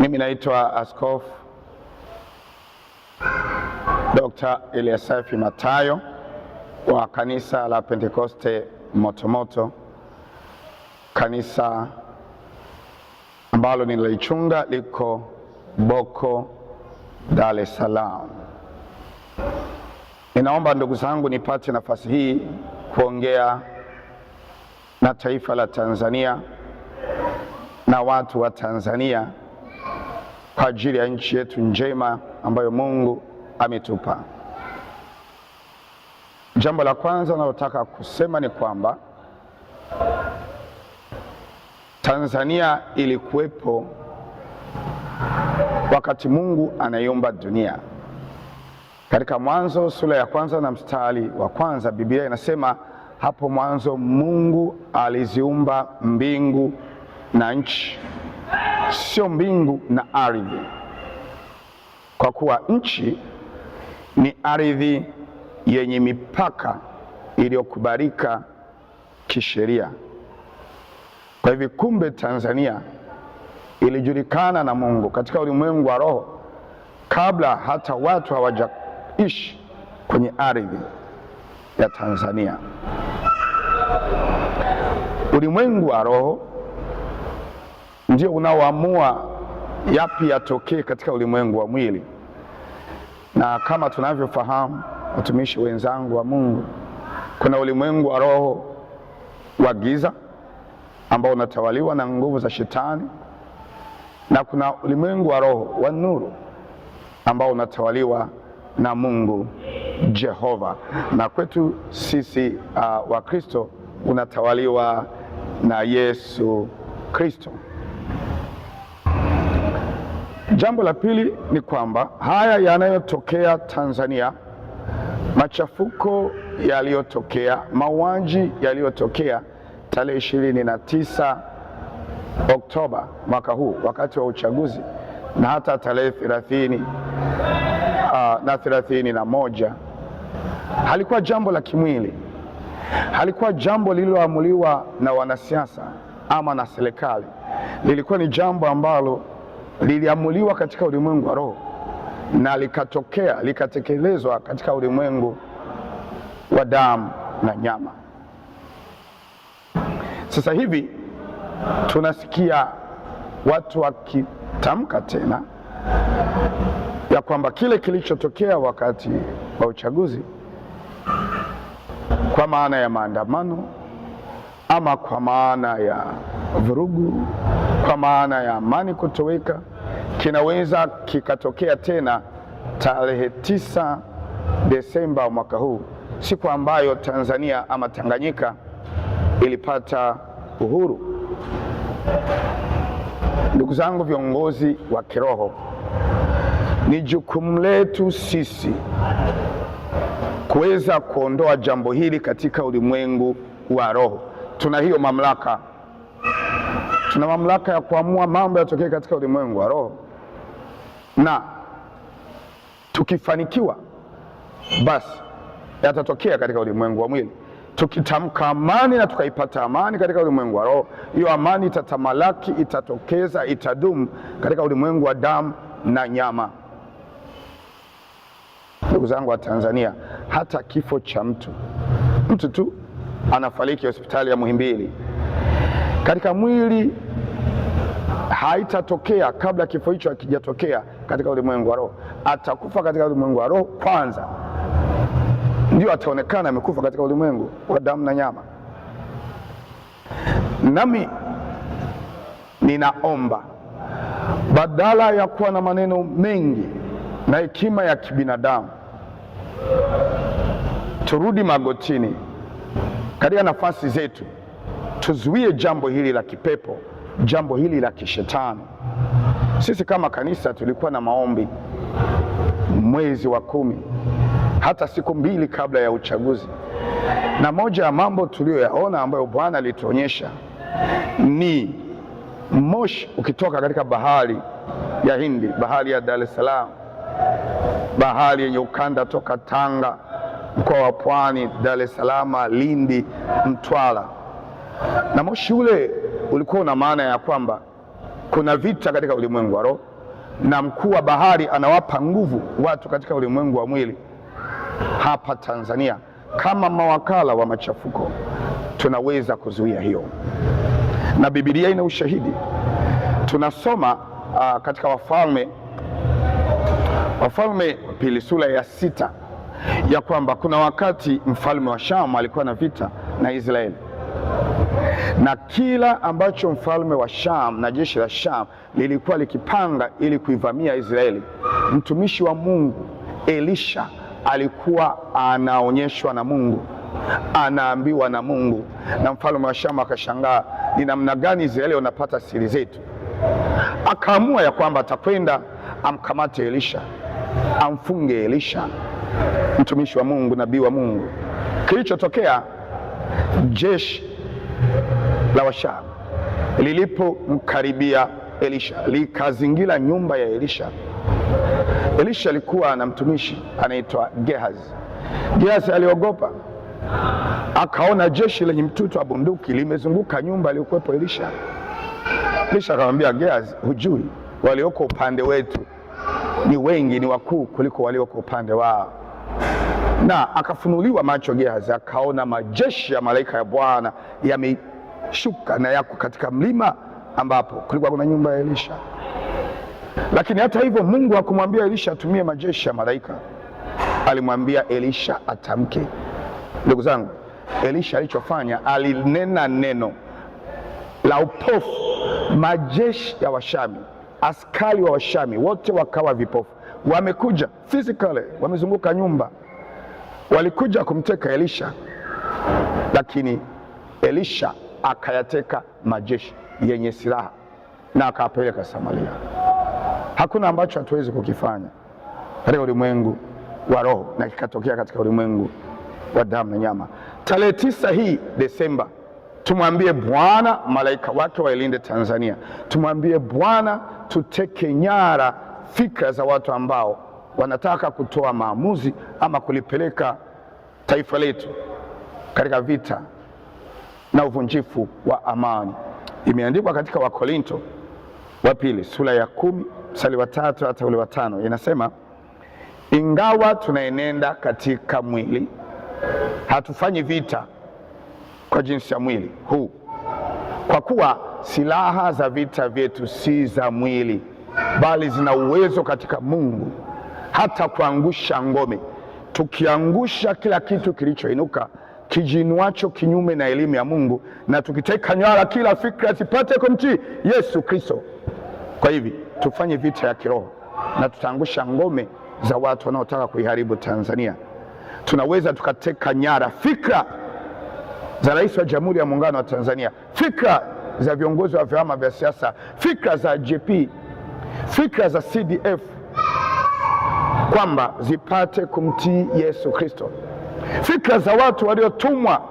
Mimi naitwa Askofu Dr. Eliasafi Matayo wa kanisa la Pentekoste Motomoto, kanisa ambalo nilichunga liko Boko, Dar es Salaam. Ninaomba ndugu zangu, nipate nafasi hii kuongea na taifa la Tanzania na watu wa Tanzania kwa ajili ya nchi yetu njema ambayo Mungu ametupa. Jambo la kwanza nalotaka kusema ni kwamba Tanzania ilikuwepo wakati Mungu anaiumba dunia. Katika Mwanzo sura ya kwanza na mstari wa kwanza Biblia inasema hapo mwanzo Mungu aliziumba mbingu na nchi sio mbingu na ardhi, kwa kuwa nchi ni ardhi yenye mipaka iliyokubalika kisheria. Kwa hivyo, kumbe Tanzania ilijulikana na Mungu katika ulimwengu wa roho kabla hata watu hawajaishi kwenye ardhi ya Tanzania. Ulimwengu wa roho ndio unaoamua yapi yatokee katika ulimwengu wa mwili. Na kama tunavyofahamu, watumishi wenzangu wa Mungu, kuna ulimwengu wa roho wa giza ambao unatawaliwa na nguvu za Shetani, na kuna ulimwengu wa roho wa nuru ambao unatawaliwa na Mungu Jehova, na kwetu sisi uh, wa Kristo unatawaliwa na Yesu Kristo. Jambo la pili ni kwamba haya yanayotokea Tanzania, machafuko yaliyotokea, mauaji yaliyotokea tarehe ishirini na tisa Oktoba mwaka huu wakati wa uchaguzi na hata tarehe thelathini uh, na thelathini na moja halikuwa jambo la kimwili, halikuwa jambo lililoamuliwa na wanasiasa ama na serikali, lilikuwa ni jambo ambalo liliamuliwa katika ulimwengu wa roho na likatokea likatekelezwa katika ulimwengu wa damu na nyama. Sasa hivi tunasikia watu wakitamka tena ya kwamba kile kilichotokea wakati wa uchaguzi, kwa maana ya maandamano ama kwa maana ya vurugu kwa maana ya amani kutoweka, kinaweza kikatokea tena tarehe tisa Desemba mwaka huu, siku ambayo Tanzania ama Tanganyika ilipata uhuru. Ndugu zangu, viongozi wa kiroho, ni jukumu letu sisi kuweza kuondoa jambo hili katika ulimwengu wa roho. Tuna hiyo mamlaka tuna mamlaka ya kuamua mambo yatokee katika ulimwengu wa roho, na tukifanikiwa basi yatatokea katika ulimwengu wa mwili. Tukitamka amani na tukaipata amani katika ulimwengu wa roho, hiyo amani itatamalaki, itatokeza, itadumu katika ulimwengu wa damu na nyama. Ndugu zangu wa Tanzania, hata kifo cha mtu mtu tu anafariki hospitali ya Muhimbili katika mwili haitatokea kabla kifo hicho hakijatokea katika ulimwengu wa roho. Atakufa katika ulimwengu wa roho kwanza, ndio ataonekana amekufa katika ulimwengu wa damu na nyama. Nami ninaomba badala ya kuwa na maneno mengi na hekima ya kibinadamu, turudi magotini katika nafasi zetu tuzuie jambo hili la kipepo, jambo hili la kishetani. Sisi kama kanisa tulikuwa na maombi mwezi wa kumi, hata siku mbili kabla ya uchaguzi, na moja ya mambo tuliyoyaona ambayo Bwana alituonyesha ni moshi ukitoka katika bahari ya Hindi, bahari ya Dar es Salaam, bahari yenye ukanda toka Tanga, mkoa wa Pwani, Dar es Salaam, Lindi, Mtwara na moshi ule ulikuwa una maana ya kwamba kuna vita katika ulimwengu wa roho, na mkuu wa bahari anawapa nguvu watu katika ulimwengu wa mwili. Hapa Tanzania kama mawakala wa machafuko tunaweza kuzuia hiyo, na Biblia ina ushahidi. Tunasoma uh, katika Wafalme, Wafalme wa Pili sura ya sita ya kwamba kuna wakati mfalme wa Shamu alikuwa na vita na Israeli na kila ambacho mfalme wa Sham na jeshi la Sham lilikuwa likipanga ili kuivamia Israeli, mtumishi wa Mungu Elisha alikuwa anaonyeshwa na Mungu, anaambiwa na Mungu, na mfalme wa Shamu akashangaa ni namna gani Israeli wanapata siri zetu. Akaamua ya kwamba atakwenda amkamate Elisha, amfunge Elisha, mtumishi wa Mungu, nabii wa Mungu. Kilichotokea jeshi la Washabi lilipomkaribia Elisha likazingira nyumba ya Elisha. Elisha alikuwa na mtumishi anaitwa Gehazi. Gehazi aliogopa, akaona jeshi lenye mtutu wa bunduki limezunguka nyumba aliyokuwepo Elisha. Elisha akamwambia Gehazi, hujui walioko upande wetu ni wengi, ni wakuu kuliko walioko upande wao. Na akafunuliwa macho Gehazi, akaona majeshi ya malaika ya Bwana yame shuka na yako katika mlima ambapo kulikuwa kuna nyumba ya Elisha. Lakini hata hivyo, Mungu hakumwambia Elisha atumie majeshi ya malaika, alimwambia Elisha atamke. Ndugu zangu, Elisha alichofanya alinena neno la upofu. Majeshi ya Washami, askari wa Washami wote wakawa vipofu, wamekuja physically, wamezunguka nyumba, walikuja kumteka Elisha, lakini Elisha akayateka majeshi yenye silaha na akapeleka Samaria. Hakuna ambacho hatuwezi kukifanya katika ulimwengu wa roho na kikatokea katika ulimwengu wa damu na nyama. Tarehe tisa hii Desemba, tumwambie Bwana malaika wake wailinde Tanzania, tumwambie Bwana tuteke nyara fikra za watu ambao wanataka kutoa maamuzi ama kulipeleka taifa letu katika vita na uvunjifu wa amani. Imeandikwa katika Wakorinto wa pili sura ya kumi mstari wa tatu hata ule wa tano inasema, ingawa tunaenenda katika mwili, hatufanyi vita kwa jinsi ya mwili huu, kwa kuwa silaha za vita vyetu si za mwili, bali zina uwezo katika Mungu hata kuangusha ngome, tukiangusha kila kitu kilichoinuka kijinuacho kinyume na elimu ya Mungu, na tukiteka nyara kila fikra zipate kumtii Yesu Kristo. Kwa hivi tufanye vita ya kiroho na tutaangusha ngome za watu wanaotaka kuiharibu Tanzania. Tunaweza tukateka nyara fikra za rais wa Jamhuri ya Muungano wa Tanzania, fikra za viongozi wa vyama vya siasa, fikra za JP, fikra za CDF, kwamba zipate kumtii Yesu Kristo. Fikra za watu waliotumwa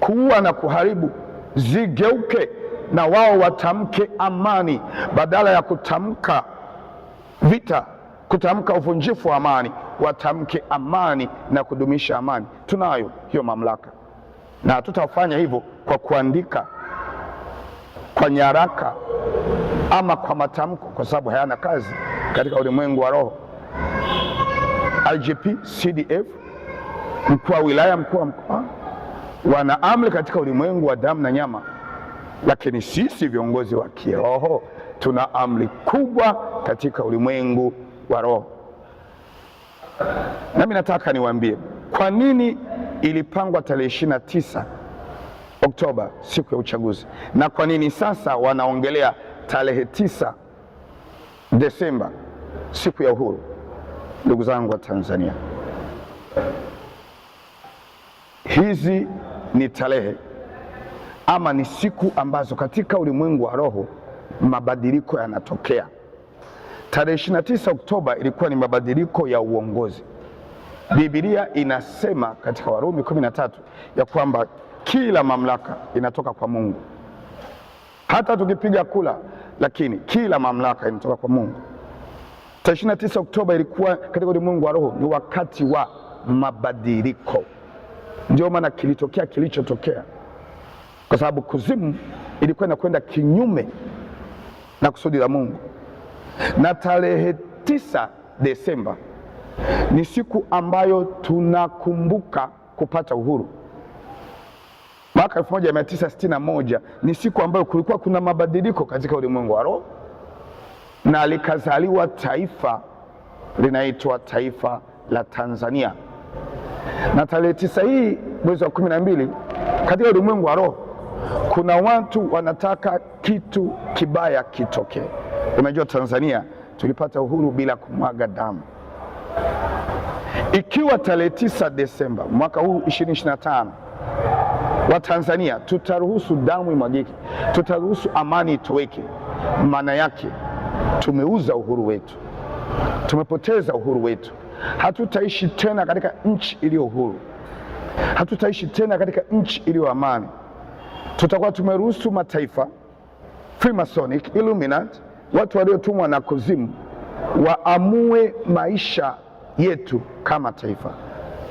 kuua na kuharibu zigeuke na wao watamke amani badala ya kutamka vita, kutamka uvunjifu wa amani, watamke amani na kudumisha amani. Tunayo hiyo mamlaka, na tutafanya hivyo kwa kuandika, kwa nyaraka ama kwa matamko, kwa sababu hayana kazi katika ulimwengu wa roho. IGP, CDF mkuu wa wilaya, mkuu wa mkoa, wana amri katika ulimwengu wa damu na nyama, lakini sisi viongozi wa kiroho tuna amri kubwa katika ulimwengu wa roho. Nami nataka niwaambie kwa nini ilipangwa tarehe ishirini na tisa Oktoba, siku ya uchaguzi, na kwa nini sasa wanaongelea tarehe tisa Desemba, siku ya uhuru. Ndugu zangu wa Tanzania Hizi ni tarehe ama ni siku ambazo katika ulimwengu wa roho mabadiliko yanatokea. Tarehe 29 Oktoba ilikuwa ni mabadiliko ya uongozi. Biblia inasema katika Warumi 13 ya kwamba kila mamlaka inatoka kwa Mungu, hata tukipiga kula, lakini kila mamlaka inatoka kwa Mungu. Tarehe 29 Oktoba ilikuwa katika ulimwengu wa roho ni wakati wa mabadiliko. Ndio maana kilitokea kilichotokea, kwa sababu kuzimu ilikuwa inakwenda kinyume na kusudi la Mungu. Na tarehe tisa Desemba ni siku ambayo tunakumbuka kupata uhuru mwaka 1961. Ni siku ambayo kulikuwa kuna mabadiliko katika ulimwengu wa roho na likazaliwa taifa linaitwa taifa la Tanzania na tarehe tisa hii mwezi wa kumi na mbili katika ulimwengu wa roho kuna watu wanataka kitu kibaya kitokee. Unajua, Tanzania tulipata uhuru bila kumwaga damu. Ikiwa tarehe tisa Desemba mwaka huu 2025 wa Tanzania tutaruhusu damu imwagike, tutaruhusu amani itoweke, maana yake tumeuza uhuru wetu, tumepoteza uhuru wetu. Hatutaishi tena katika nchi iliyo huru, hatutaishi tena katika nchi iliyo amani. Tutakuwa tumeruhusu mataifa Freemasonic, Illuminati, watu waliotumwa na kuzimu waamue maisha yetu kama taifa.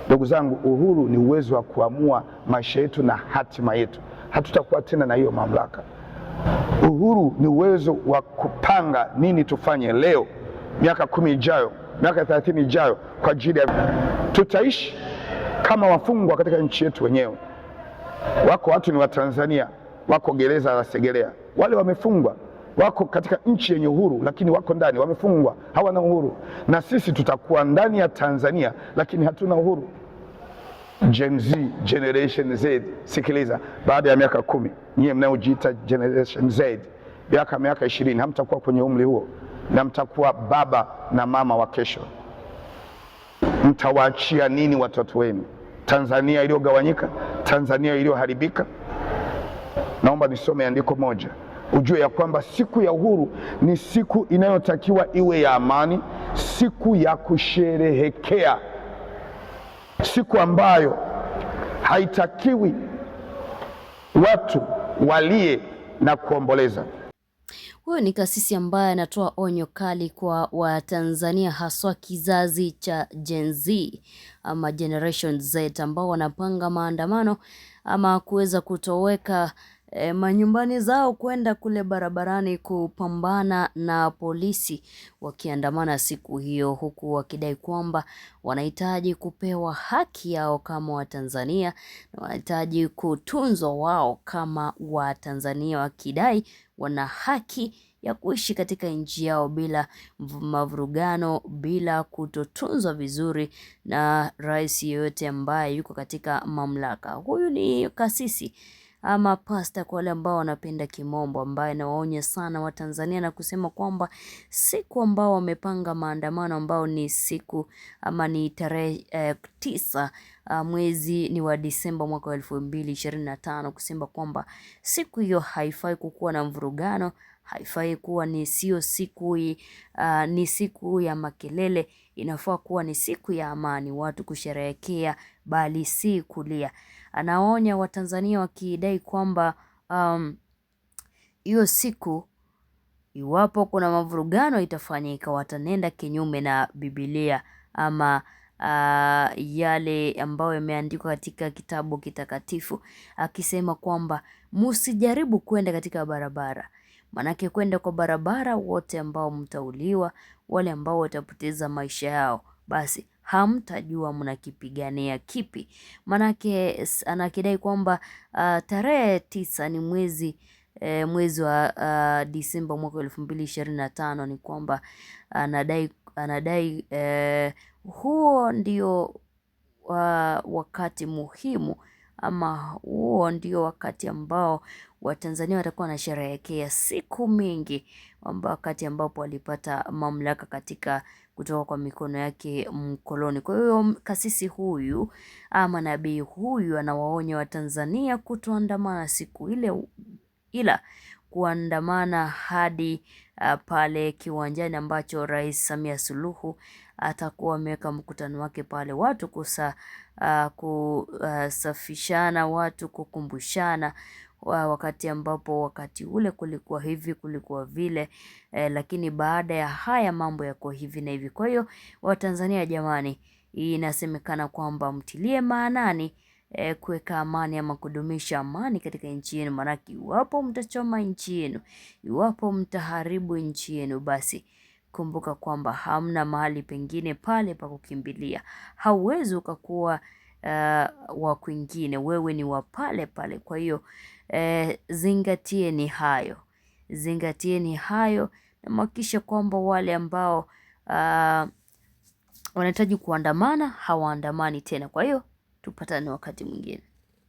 Ndugu zangu, uhuru ni uwezo wa kuamua maisha yetu na hatima yetu. Hatutakuwa tena na hiyo mamlaka. Uhuru ni uwezo wa kupanga nini tufanye leo, miaka kumi ijayo miaka 30 ijayo kwa ajili ya tutaishi kama wafungwa katika nchi yetu wenyewe. Wako watu ni Watanzania wako gereza la Segerea, wale wamefungwa wako katika nchi yenye uhuru, lakini wako ndani wamefungwa, hawana uhuru. Na sisi tutakuwa ndani ya Tanzania, lakini hatuna uhuru. Gen Z, Generation Z, sikiliza, baada ya miaka kumi, nyie mnaojiita Generation Z, miaka miaka ishirini, hamtakuwa kwenye umri huo na mtakuwa baba na mama wa kesho. Mtawaachia nini watoto wenu? Tanzania iliyogawanyika, Tanzania iliyoharibika. Naomba nisome andiko moja, ujue ya kwamba siku ya uhuru ni siku inayotakiwa iwe ya amani, siku ya kusherehekea, siku ambayo haitakiwi watu walie na kuomboleza. Huyo ni kasisi ambaye anatoa onyo kali kwa Watanzania haswa kizazi cha Gen Z ama Generation Z ambao wanapanga maandamano ama kuweza kutoweka e, manyumbani zao kwenda kule barabarani kupambana na polisi wakiandamana siku hiyo, huku wakidai kwamba wanahitaji kupewa haki yao kama Watanzania na wanahitaji kutunzwa wao kama Watanzania, wakidai wana haki ya kuishi katika nchi yao bila mavurugano, bila kutotunzwa vizuri na rais yeyote ambaye yuko katika mamlaka. Huyu ni kasisi ama pasta kwa wale ambao wanapenda kimombo, ambaye nawaonya sana Watanzania na kusema kwamba siku ambao wamepanga maandamano ambao ni siku ama ni tarehe eh, tisa ah, mwezi ni wa Disemba mwaka wa elfu mbili ishirini na tano kusema kwamba siku hiyo haifai kukuwa na mvurugano, haifai kuwa ni sio siku uh, ni siku ya makelele, inafaa kuwa ni siku ya amani, watu kusherehekea bali si kulia anaonya Watanzania wakidai kwamba um, hiyo um, siku iwapo kuna mavurugano itafanyika watanenda kinyume na Biblia ama uh, yale ambayo yameandikwa katika kitabu kitakatifu, akisema kwamba msijaribu kwenda katika barabara, manake kwenda kwa barabara wote ambao mtauliwa, wale ambao watapoteza maisha yao, basi hamtajua mnakipigania kipi. Manake anakidai kwamba uh, tarehe tisa ni mwezi E, mwezi wa uh, Disemba mwaka elfu mbili ishirini na tano ni kwamba anadai anadai e, huo ndio uh, wakati muhimu ama huo ndio wakati ambao Watanzania watakuwa wanasherehekea siku mingi, kwamba wakati ambapo walipata mamlaka katika kutoka kwa mikono yake mkoloni. Kwa hiyo kasisi huyu ama ah, nabii huyu anawaonya Watanzania kutoandamana siku ile, ila kuandamana hadi uh, pale kiwanjani ambacho Rais Samia Suluhu atakuwa ameweka mkutano wake pale, watu kusa uh, kusafishana, watu kukumbushana wakati ambapo wakati ule kulikuwa hivi kulikuwa vile eh, lakini baada ya haya mambo yako hivi na hivi. Kwa hiyo Watanzania jamani, inasemekana kwamba mtilie maanani eh, kuweka amani ama kudumisha amani katika nchi yenu, maanake iwapo mtachoma nchi yenu, iwapo mtaharibu nchi yenu, basi kumbuka kwamba hamna mahali pengine pale pa kukimbilia. Hauwezi ukakuwa uh, wa kwingine, wewe ni wa pale pale. Kwa hiyo Eh, zingatie ni hayo, zingatie ni hayo na mhakikishe kwamba wale ambao ah, wanahitaji kuandamana hawaandamani tena. Kwa hiyo tupatane wakati mwingine.